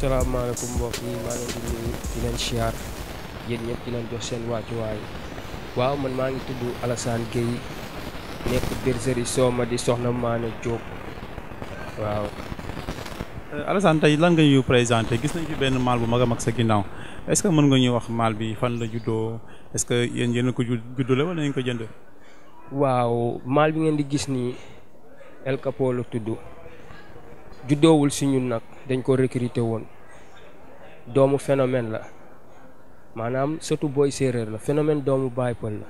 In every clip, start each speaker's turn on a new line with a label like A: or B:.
A: salaamaaleykum mbokk yi maa ngi leen di nuyu seen wàccuwaay waaw man maa ngi tudd Alassane Gueye nekk bergerie di soxna Mané
B: Diop waaw. Euh, Alassane tey lan nga ñu présenté gis nañu fi benn maal bu mag a mag sa ginnaaw est-ce que mën nga ñuy wax maal bi fan la juddoo est-ce que yéen yéen ko juddu la wala ñu ko jënd. waaw maal bi ngeen di gis nii El
A: Capo tudd. juddoowul si ñun nag dañ koo recruter woon doomu phénomène la maanaam surtout booy séeréer la phénomène doomu baaypal la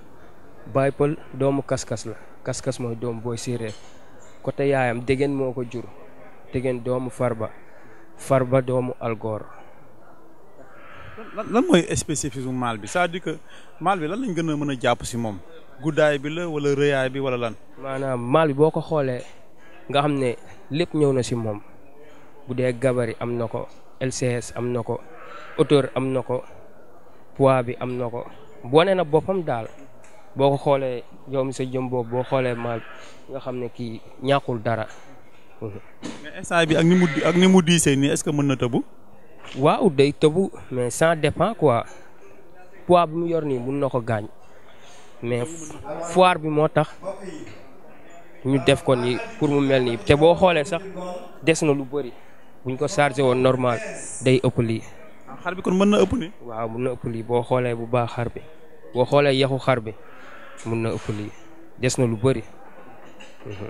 A: baaypal doomu kaskas la kaskas mooy doomu booy séeréer côté yaayam dégeen moo ko jur dégeen doomu farba farba doomu algor
B: lan mooy spécifisme maal bi c'est-à-dire que maal bi lan lañ gën a mën a jàpp si moom guddaay bi la wala rëyaay bi wala lan maanaam maal bi boo ko xoolee
A: nga xam ne lépp ñëw na si moom bu dee gabari am na ko LCS am na ko hauteur am na ko poids bi am na ko wane na boppam daal boo ko xoolee yow mi sa jëm boo xoolee maal nga xam ne kii ñàkkul dara.
B: mais instant bi ak ni mu ak ni mu diisee nii est-ce que mën na tëbu.
A: waaw day tëbu mais ça dépend quoi poids bi mu yor nii mun na ko gaañ mais foire bi moo tax ñu def ko ni pour mu mel ni te boo xoolee sax des na lu bari buñ ko chargé woon normal day ëpp lii.
B: Ah, xar bi kon mën na ëpp
A: waaw mun na ëpp lii boo xoolee bu baax xar bi boo xoolee yaxu xar
B: bi mën na ëpp lii des na lu bari mhm.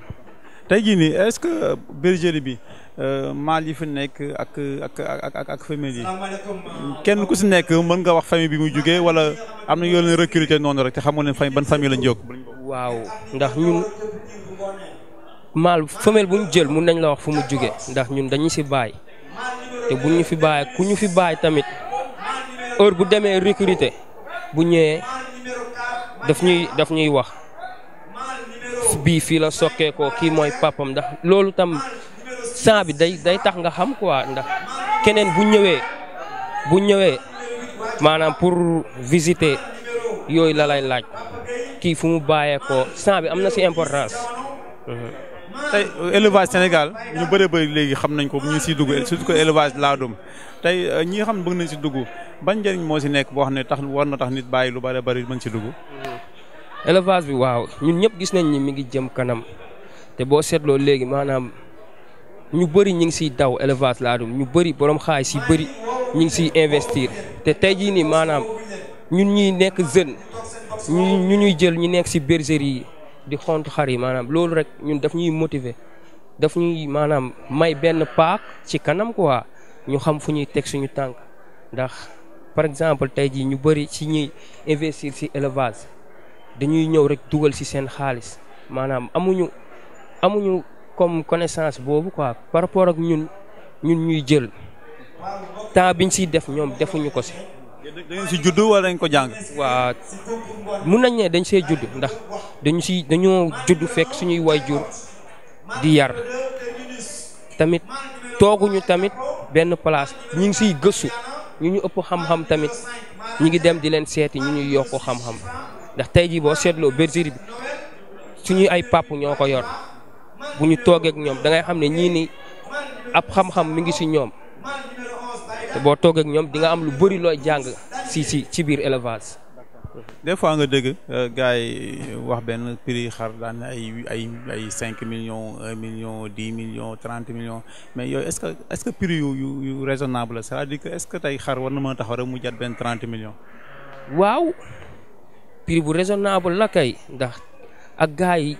B: tey jii nii est-ce que bergerie bi euh, ma yi fi nekk ak ak ak ak ak femelle kenn ku si nekk mën nga wax famille bi mu jugee wala am na yoo leen noonu rek te xamoo leen ban famille lañ jóg. waaw ndax ñun maal
A: femelle bu ñu jël mun nañ la wax fu mu jóge ndax ñun dañu si bàyyi te bu ñu fi bàyyi ku ñu fi bàyyi tamit heure bu demee recruter bu ñëwee daf ñuy daf ñuy wax bii fii la sokkee ko kii mooy papam ndax loolu tam sang bi day day tax nga xam quoi ndax keneen bu ñëwee bu ñëwee maanaam pour visiter yooyu la lay laaj
B: kii fu mu bàyyeekoo sang bi am na si importance. tey élevage Sénégal ñu bëre bëri léegi xam nañ ko ñu ngi siy dugg ko que laa doom tey euh, ñi nga xam ne bëgg nañ si dugg ba njëriñ moo si nekk boo xam ne tax war na tax nit bàyyi lu bëri bëri mën si dugg. élevage bi waaw ñu ñëpp gis nañ ni mu ngi jëm kanam te boo seetloo léegi
A: maanaam ñu bëri ñu ngi siy daw élevage laadum ñu bëri borom xaay si bëri ñu ngi siy investir te tey jii nii maanaam ñun ñuy nekk jeune. ñu ñuy jël ñu nekk si bergerie yi di xont xar yi maanaam loolu rek ñun daf ñuy motiver daf ñuy maanaam may benn paak ci kanam quoi ñu xam fu ñuy teg suñu tànk ndax par exemple tey jii ñu bëri ci ñuy investir si élevage dañuy ñëw rek dugal si seen xaalis maanaam amuñu amuñu comme connaissance boobu quoi par rapport ak ñun ñun ñuy jël temps biñ siy def ñoom defuñu ko si.
B: dañ ci si wala dañ ko jang wa
A: mën nañ ne dañ see judd ndax dañ si dañu judd fekk suñuy wayjur di yar tamit tooguñu tamit benn place ñu ngi siy gëstu ñu ñu upp xam-xam tamit ñi ngi dem di len séti ñu ñu yokk xam-xam ndax tay ji bo sétlo bergerie bi suñuy ay papu ñoko yor buñu togué ak ñom da ngay xam ne ni ab xam-xam mi ngi si ñom bo
B: togué ak ñom di nga am lu bari loy jang si si ci biir élevage. des fois nga dëgg euh, gars yi wax benn prix xar daan na ay ay ay cinq millions un million dix million trente million mais yooyu est ce que est ce yu yu yu raisonnable la c' est à que est ce que tey xar war na mën tax taxaw rek mu jat benn trente millions. waaw prix bu raisonnable la kay ndax ak gars yi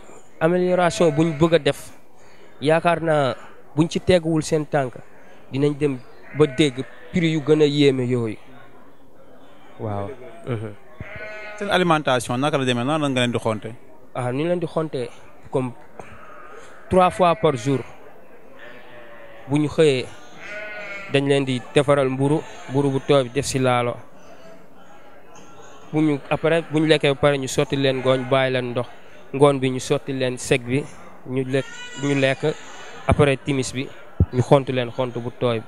B: amélioration bu ñu bëgg a def
A: yaakaar naa buñ ci teguwul seen tànk dinañ dem ba dégg prix yu
B: gën a yéeme yooyu. waaw. Uh-huh. seen alimentation naka la demee nan la nga leen di xonte. ah ni leen di xonte comme trois fois
A: par jour bu ñu xëyee dañ leen di defaral mburu mburu bu tooy bi def si laalo bu ñu après bu ñu lekkee ba pare ñu sotti leen ngooñ bàyyi leen ndox ngoon bi ñu sotti leen seg bi ñu lekk ñu lekk
B: après timis bi ñu xontu leen xont bu tooy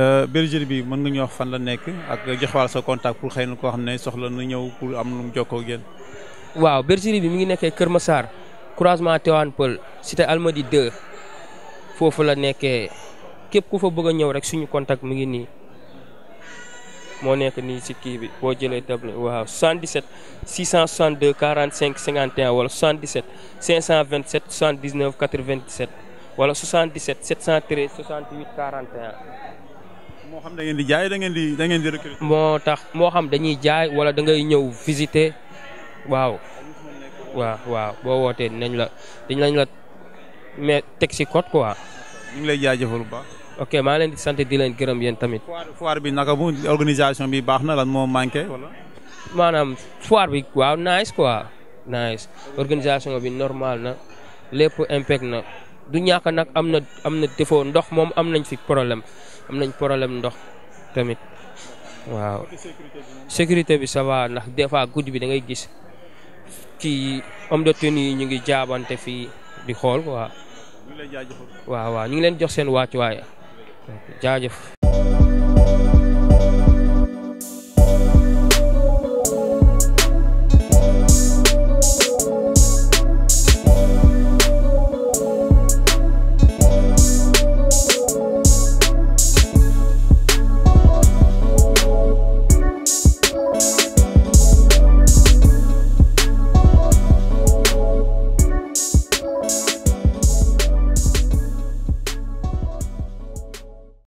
B: Euh, bergerie bi mën nga ñu wax fan la nekk ak joxwaal sa contact pour xëy na koo xam ne soxla na ñëw pour am lu mu jokkoo ak yéen. waaw bergerie bi mi ngi nekkee Kër Massar croisement Théoane
A: Peul cité Almadi 2 foofu la nekkee képp ku fa bëgg a ñëw rek suñu contact mu ngi nii moo nekk nii si kii bi boo jëlee table waaw 77 662 45 51 wala 77 527 79 wala 77 713 68 41. moo xam da ngeen di jaay da ngeen di da ngeen moo tax moo xam dañuy jaay wala dangay ñëw visiter waaw. waaw waaw boo wootee dinañ la dinañ
B: la mais teg si code quoi. ñu lay jaajëfal bu ok maa leen di sant di leen gërëm yéen tamit. foire bi naka bu organisation bi baax na lan moom manqué wala.
A: maanaam foire bi waaw nice quoi nice organisation bi normal na lépp impact na du ñàkk nag am na am ndox moom am nañ fi problème. am nañ problème ndox tamit waaw sécurité bi ça nax ndax des fois guddi bi da ngay gis kii homme de tenue ñu ngi jaabante fii di xool quoi waaw waaw ñu ngi leen jox seen wàccuwaay jaajëf